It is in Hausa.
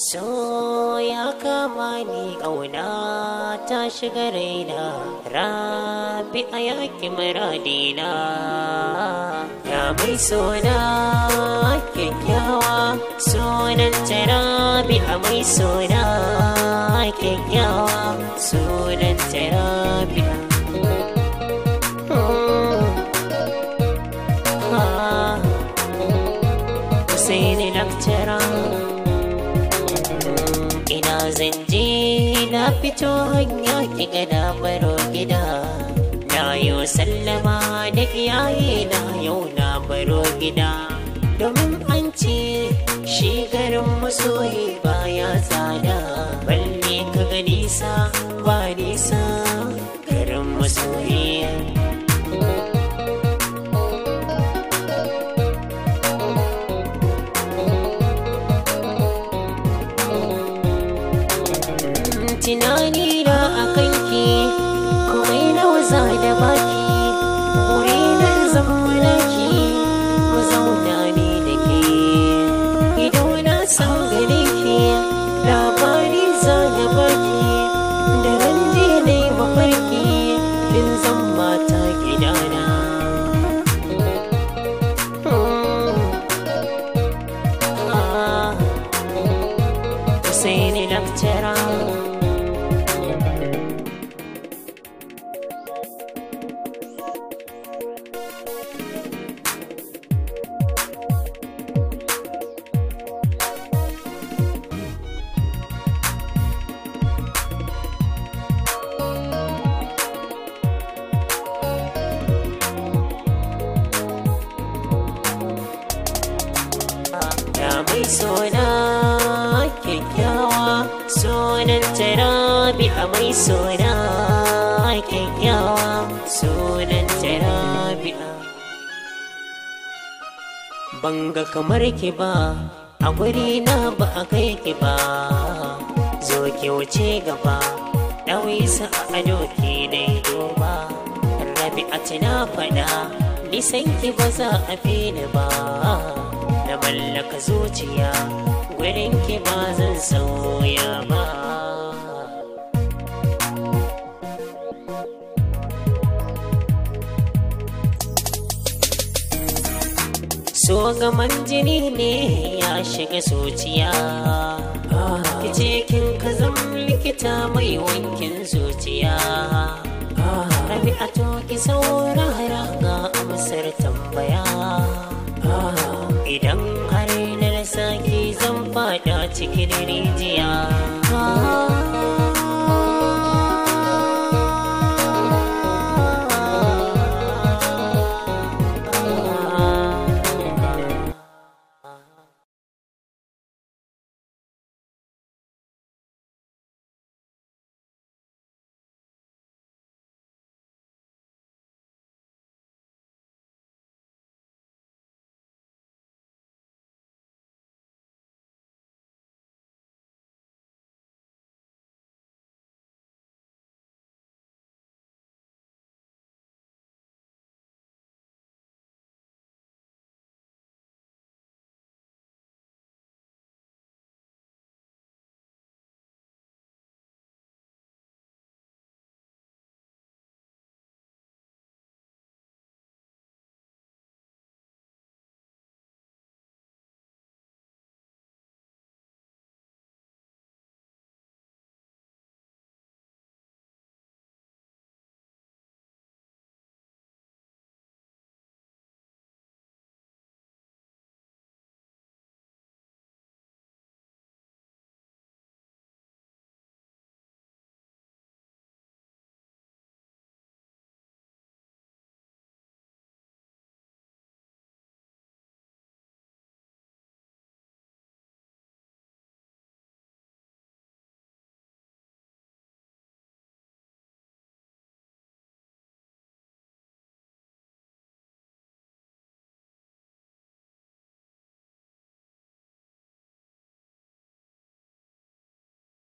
so ya kama ni ƙauna ta shiga raina Rabi a yaƙi muradina ya mai sona kyakkyawa sunan Rabi a mai sona kyakkyawa sunan ta rabi. Hmm. Ah. Sai up fito hanya kiga na baro gida na yo sallama da iyaye na yau na baro gida domin an ce shi garin masoyi baya tsada balle ka ga nisa ba tunani da akan ki komai na za da baki wuri na zamana ki zauna ne da ke ido na san gare ki labari za da baki da ran ne mafarki in zan mata gidana ah, Saying it up to sona kyakkyawa A tarabi'a mai sona kyakkyawa sunan tarabi'a banga kamar ki ba a guri na ba a kai ki ba zo ki wuce gaba ɗawi a ado ki dai duba rabi'a tana faɗa nisan ki ba za a fi ni ba na mallaka zuciya wurin ki ba zan sauya ba so gaman jini ne ya shiga zuciya Ki ce kin ka zama likita mai wankin zuciya fada cikin rijiya